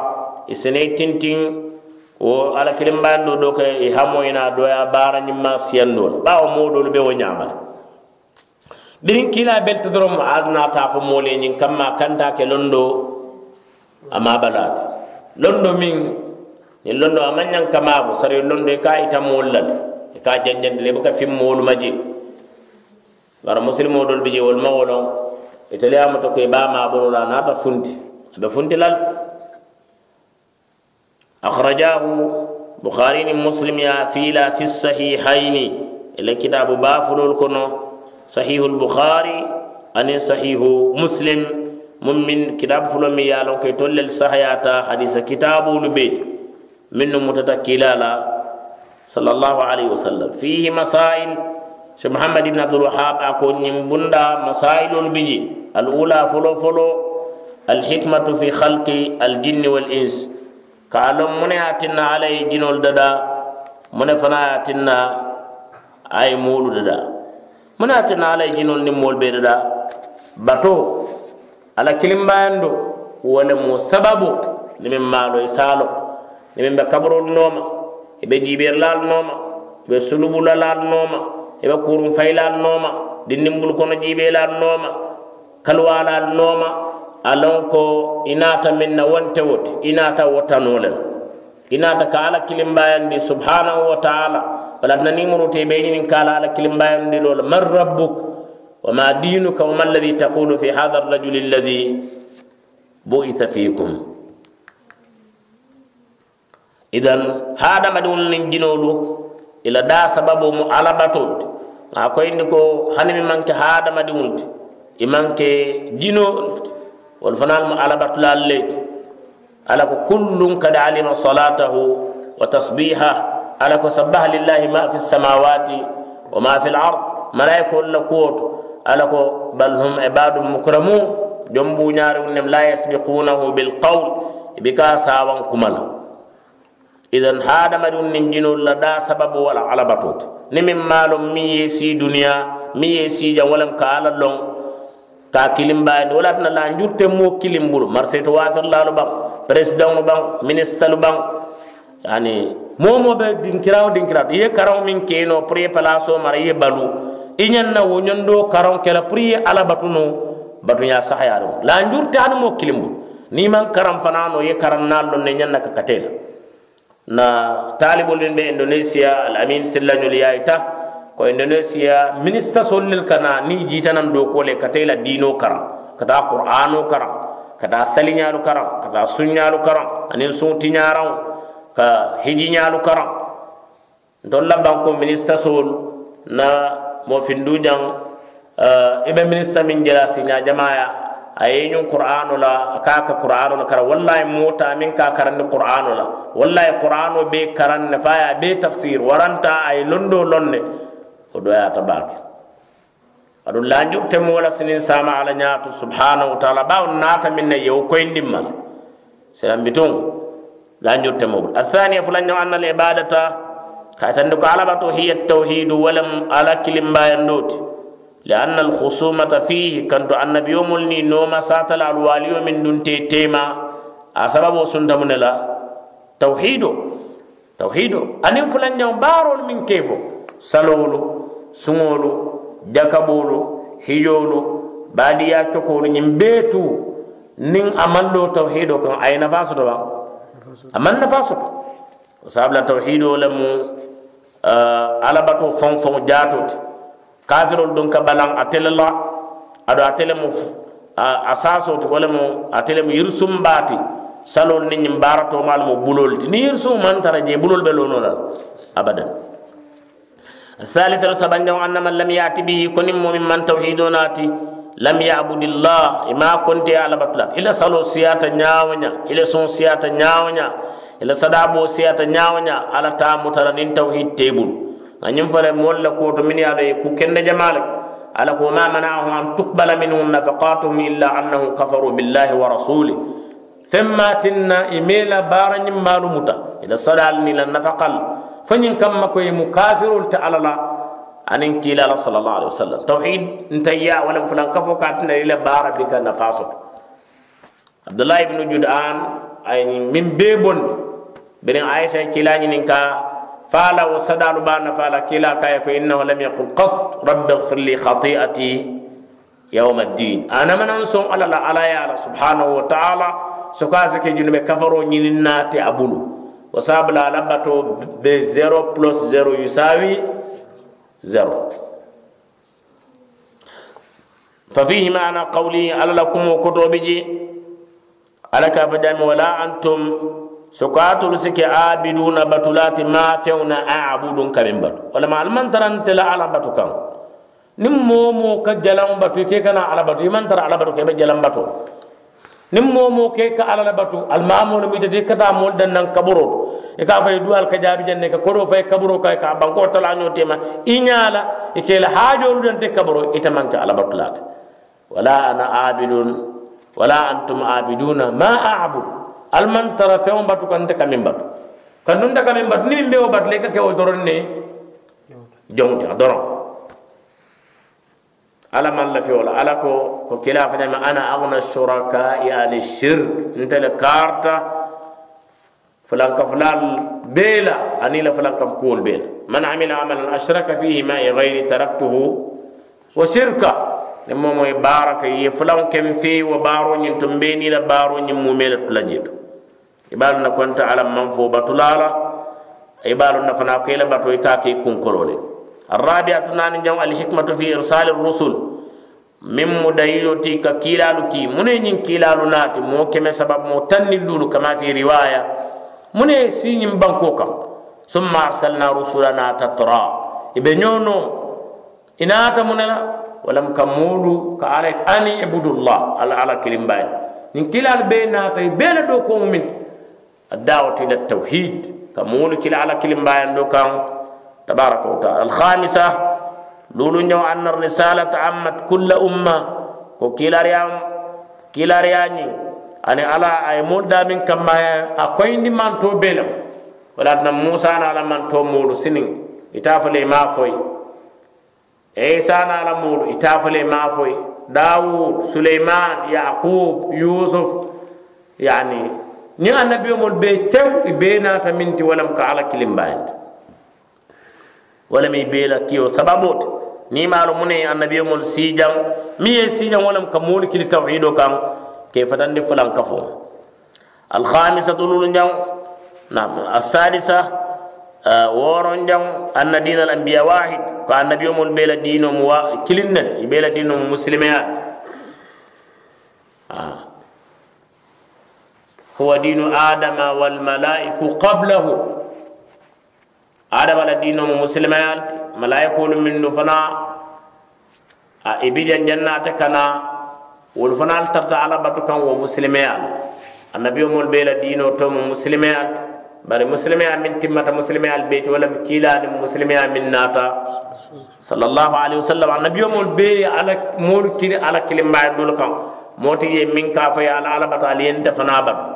A: i sene tintin wo ala kilimbando do ke i hamoyina do ya bara ni ma siyando bawo modon be wo nyamal dirin kila belta dorom adna ta fo mole nyin kamma kanta ke londo ama balat londo min ni londo amanyan kamabu sare londo ka ita molal ka janjan le buka fim molu maji war muslimo dol bije wol mawolon italiya mo to ke ba ma bonu na ta funti be funti lal أخرجاه بخاري مسلم يا فيلا في الصحيحين إلى كتاب بافل الكنو صحيح البخاري أن صحيح مسلم من من كتاب فلومي يا لو كتول الصحيحة حديث كتاب البيت من متتكلا صلى الله عليه وسلم فيه مسائل شيخ محمد بن عبد الوهاب أكون بندا مسائل البيت الأولى فلو فلو الحكمة في خلق الجن والإنس ka a lon mune ye tinna alla ye jinolu dada mune fana ye tinna a ye moolu dada mune ye tinna alla ye jinolu niŋ moolu be dada bato alla kilimbayando wo lemu sababu ni miŋ maalo i saalo ni miŋ be kaburolu nooma i be jiibeerulaalu nooma i be sulubulalaalu nooma i be kuurunfayilaalu nooma dindinbulu kono jiibeelaalu nooma kaluwaalaalu nooma alon ko inata min na wonte woti inata wotanolel inata ka ala kilimbayandi subhanahu wa taala walatna nimuruti ɓeyinin kala ala kilimbayandi lol man rabbuk wa ma dinuka wa ma alladi taqulu fi hadha arrajuli alladi buitha fikum idan haɗamaɗi wonnin jinolu ila ɗa sababu mo alaɓatode a koyndi ko hanimi manke haɗamaɗi wonti i manke jinolti wol fanal mu alabatulal le ala ko kullun kad alima salatahu wa tasbihah ala ko sabbaha lillahi ma fi samawati wa ma fi lard malaikol la kuwoto ala ko bal hum ibadum mukramun jom buñaariwol nem la yasbiqunahu bilqawl ibi ka sawan kumala idan hadamadiŋ niŋ jinolu la daa sababu wala alabato to ni min maalon miŋ ye sii duniya miŋ ye siijaŋ walaŋ ka ala loŋ ta kilim bayani wala tana la njurte mo kilim buru marsay to wasal la lu bang president lu bang minister lu bang yani mo mo be din kiraw din kiraw ye karaw min keno pri palaso mar ye balu inyan na wonyon do karaw kala pri ala batuno batunya sahayaro la njurte an mo kilim buru ni man karam fanano ye karan nallo ne nyanna ka katela na talibul be indonesia al amin sillanyul yaita ko indonesia ministre sollel kana ni jiitanan do kole ka tayla dino kara kata qur'ano kara kata salinyalu kara kata sunnyalu kara ani sun tinyaraw ka hijinyalu kara dolla banko ministre sol na mo findu jang eh, ibe ministre min jela sinya jamaya aye ñun qur'ano la kaka qur'ano la kara wallahi mota min ka karanni qur'ano la wallahi qur'ano be karanne faya be tafsir waranta ay londo lonne odo yata baake aɗum laajuɓtemo wala sinin sama ala ñaatu subhanahu wa taala ɓaw naata min nayi yewo koyndimma silambi tun laajuɓtemo ɓuri athania fulanño annal ibadata kaytandi ko alaɓato hiya tawhidu walam ala kilimbayandoti li anna alhusumata fihi kanto annabiyomol ni noma satala alwaliyo min ɗunte tema a sababo suntamunela tawhido tawhido anin fulanñaw ɓarol min kefo salowolu suŋolu jakabolu hijolu badiya cokolu ñiŋ bee tu niŋ a maŋ loo tawhido kaŋ a ye nafaa soto ba a maŋ nafaa soto sabula tawhido le mu uh, alabato foŋ foŋ jaato ti kafirolu doŋ ka balaŋ a tele la aɗo a tele mu a saaso ti wala mu a tele mu yirisum baati salol ni ñiŋ baaratomaalu mu bulol ti niŋ yirisum maŋ tara jee bulol be loonoo la abadan salisalu sabande o annama lam yaati bihi konim momin man tawhido naati lam yabudi llah ima konte alabatulat ila salo siyata ñawoña ila son siyata ñawoña ila sadabo siyata ñawoña ala tamutara nin tawhid tebul a ñim fare molle koto min yaalo ye ku kende jamalek ala ko ma manahu an tuqbala minhum nafaqatuhum illa annahum kafaru billahi wa rasuli femma tinna imela baara ñim malu muta ila sadal ni la nafaqal فنين كم ما كوي مكافر ولت على لا أن إن الله صلى الله عليه وسلم توحيد أنت يا ولا فلان كفو كاتنا إلى بارا بك نفاسك عبد الله بن جدعان أي من بيبون بين عائشة كيلا ينكا فالا وسدا ربان فالا كيلا كاي إنه لم يقل قط رب اغفر لي خطيئتي يوم الدين أنا من أنصم على لا على يا سبحانه وتعالى سكاسك جنبي كفروا ينناتي أبولو وصاب العلامة ب 0 بلس 0 يساوي 0 ففيه معنى قولي ألا لكم وكتوبجي على كافجام ولا أنتم سكات سكي عابدون بطلات ما فيونا أعبدون كمين ولا ما علمان تران تلا على بطل كان نمو مو كجلان بطل كي كان على بطل يمن ترى على بطل كي بجلان بطل nin momo ke ka alala batu mamon mi tati kata mol dan nan kaburo e ka fay dual ka jabi janne ka kodo fay kaburo ka ka ko tala nyo tema inyala e ke la hajo dan te kaburo ita manka ala batulat wala ana abidun wala antum abiduna ma a'bud man tara fe on batu kan te kamim batu kan nun ta kamim batu ni mbe o batle ka ke o doron ne jonta doron ala man lafi wala ala ko ko kila fana ma ana aghna shuraka ya yani shirk ntel karta fulan ka fulal bela ani la fulan ka kul bela man amila amalan ashraka fihi ma ghairi taraktuhu wa shirka nemo moy baraka yi fulan kem fi wa baro nyin to ni la baro mu mel la tulajitu ibal na konta ala man fo batulala ibal na fana ko ila batoy ka ke kunkolole الرابعة نان جو الحكمة في إرسال الرسل من مديوتي ككيلالو كي من نين كيلالو ناتي مو كما سبب مو تنلولو كما في رواية من سين بانكوكا ثم أرسلنا رسلنا تترى إبنيونو إناتا مننا ولم كمولو كالت أني عبد الله على على كلم باي نين كيلال كلال بيناتا بين دو كومنت الدعوة إلى التوحيد كمولو كلا على كلم باي دو دوكا تبارك وتعالى الخامسة لولو نيو أن الرسالة عمت كل أمة كو كيلاريان كيلارياني أني على أي مودة من كما أقوين دي من توبين ولأتنا موسى على من تومولو سنين إتافلي ما فوي عيسى على مولو إتافلي ما فوي داود سليمان يعقوب يوسف يعني ni annabiyo mol be tew i be nata minti walam ka ala kilimbayinde walla mi bela kiyo sababote ni maro mune annabiyo mol sijan mi ye sijan walam ka moli kili tawhido kan ke fatande fulan kafo al khamisa tulul njang na al sadisa eh, woron njang annadina al anbiya wahid ko annabiyo mol bela dino mu kilinnat bela dino mu muslimiya هو دين آدم والملائكة قبله adama la dino mo musilimayalti malayikolu minnu fana a ibijan jannate kana wolu fana al tarta alabatu kan wo musilimayal annabi omol be la dino to mo musilimayalti bari musilimaya min timmata musilimayal beyti walla kiilani musilimaya min nata sallallahu alaihi wasallam annabi omol be ala molu kiri ala kilimbayi dolu kan motiye min kafaye ala alabatu aliyente fana batu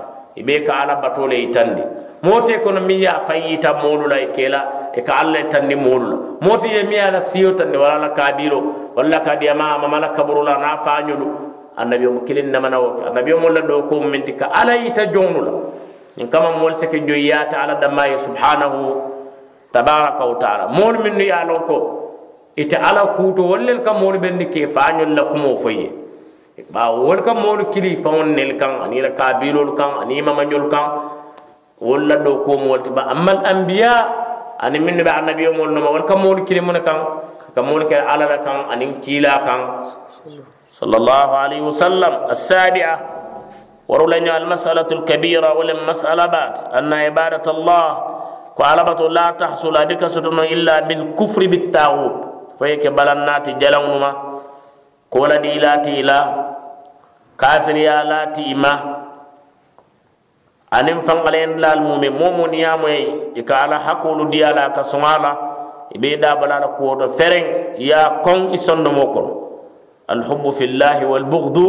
A: ibe ka alabatole yitandi moote kono mi ya fayita molula e kela e ka alla e tanni molula moote ye mi ala siyo tanni walala kabiro walla kadi ama amamala kaburula na fañolu annabi omo kilin namana wo annabi omo la ɗo ko minti ka ala yita jonula min kama mol seke joyiyata ala dammayi subhanahu tabaraka wa taala mon min nu yalon ko ite ala kuto wollel kam molu ɓendi ke fañol la kumo foyye ɓawo wol kam molu kili fawon nel kan anila kabilol kan ani mamañol kan wala do ko mo ti ba amal anbiya ani min ba annabi omol noma wol mo mowol kilimune kan mo mowol ala la kan ani kila kan sallallahu alayhi wa sallam assabi'a warulaño almasalatu lkabira wala masala bat anna ibadat allah ko alabato la tahsul adi ka sotono illa bilkufri bittagut foye ke balannati jalanuma kola ɗi ilati ila kafiriya lati ima anin fangalayin lalmumi mumu ni yamu yi e, ika ala hakulu di ala ka suma la ibe da balala ko to feren ya kon ison do moko al hubbu fillahi wal bughdu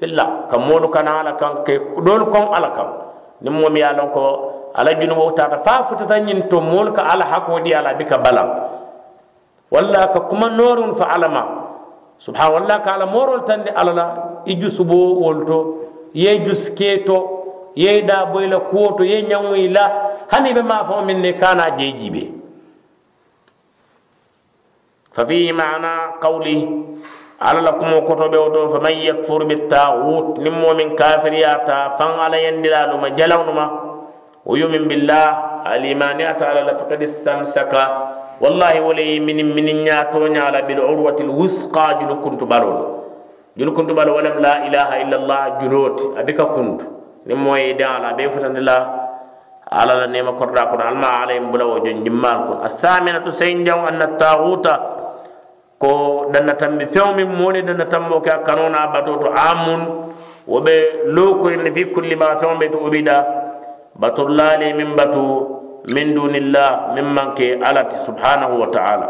A: fillah kamonu kana ala kan ke don kon ala kan nim mum ya lon ko ala jinu wo ta fa futa tan nyin to mol ka ala hakko di ala bika balam walla ka kuma norun fa alama subhanallahi ka ala morol tan di ala la ijusubo wolto ye jus keto ye daboyi la kuwo to ye ñaŋoyi la hani be maafaŋ miŋ ne kaana jeji be fa fihi maana kawli alla la kumo kotobeo to fa man yakfur bittawut niŋ moo miŋ kafiriyata faŋ alla yandiraa luma jalaŋ numa wo yumin billah alimaniyata alla la fakad istamsaka wallahi wole ye minin miniŋya toña la bil urwati l wuska junu kuntubalo la junu kuntubalo wo lem la ilaha illa llah junooti a bi ka kuntu ni moye da ala be futandi la ala la nema korda kono alma ala yim bula wojo jimmal kono asaminatu sayin jaw anna taguta ko danna tambi few min moni danna tambo ka kanona bato to amun wobe loko ni fi kulli ma few be to ubida batul lali min batu min dunillah min manke ala ti subhanahu wa ta'ala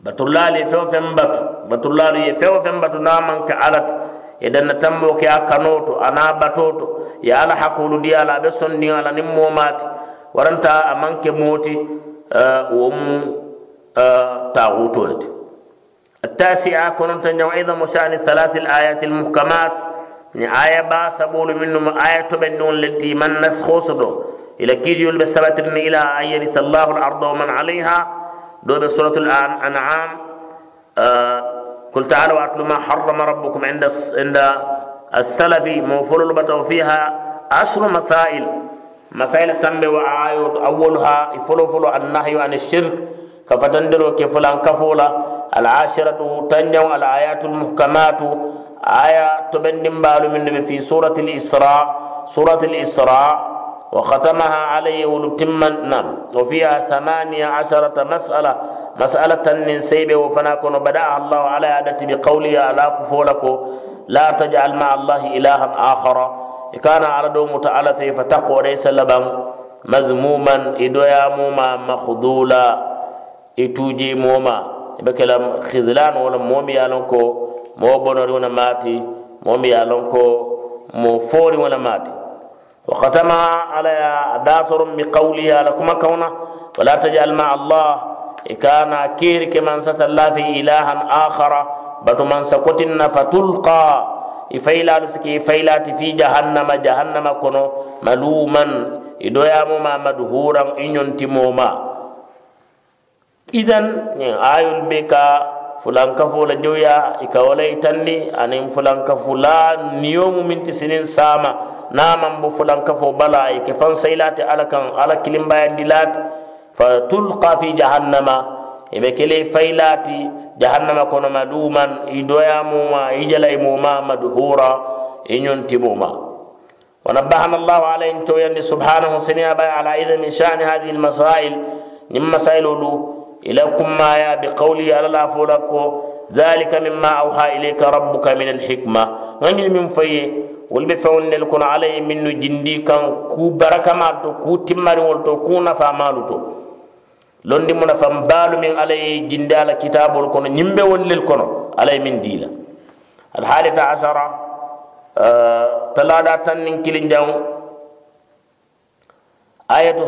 A: batul lali few fem batu batul lali few fem batu na manke ala ti idan na tambo ke a kano to ana bato ya ala hakulu di ala be sonni ala nin momati waranta amanke manke moti wo mu taxutole ti التاسعة كنت إذا مشان ثلاث الآيات المحكمات ni aya ba sabolu minnu ma aya to ben non lenti man nas khosodo ila kiji yul besabatir ila ayyari sallahu al ardo man alaiha do be suratul an'am قل تعالوا واتل ما حرم ربكم عند عند السلف موفول البتو فيها عشر مسائل مسائل تنبي وآيات أولها يفلو فلو النهي عن الشرك كفتندر كفلان كفولا العاشرة تنجو الآيات المحكمات آية تبنن بالو من في سورة الإسراء سورة الإسراء وختمها عليه لتمن نعم وفيها ثمانية عشرة مسألة مسألة نسيب وفنا كون بدأ الله على عادته بقولي على كفولك لا تجعل مع الله إلها آخر كان على دوم تعالى فتقوى ليس لبن مذموما إدويا موما مخذولا إتوجي موما بكلا خذلان ولا مومي ألنكو مو بنوري ولا ماتي مومي ألنكو مو فوري ولا ماتي وختمها على داسر بقولي لكم كونه ولا تجعل مع الله i e kana kiri ke mansata lafi ilahan akhara batu mansa kotinna fatulqa i e faylalu siki i e faylati fi jahannama jahannama kono maluman i doyamuma madhuran i ñontimoma idan ayol be ka fulankafola jowya i ka walay tandi anin fulankafu la niyomu minti sinin sama naman bo fulankafo bala i ke fan saylati ala kan ala kilimbayandi lati فتلقى في جهنم يبكلي فيلاتي جهنم كون مدوما يدويا موما يجلى موما مدهورا إنينتي موما ونبهنا الله على أن تويان سبحانه سنيا على إذا من شأن هذه المسائل من مسائل الى كما يا بقولي على لا فولكو ذلك مما أوحى إليك ربك من الحكمة غني من فيه wolɓe fewnel kono alaye min no jindi kan ku baraka mal to ku timmaringol to ku nafamalu londi muna fam balu min alay jindala kitabul kono ñimbe wollel kono alay min dila al alhaalita asara talada tan nin kilinjaŋ ayatu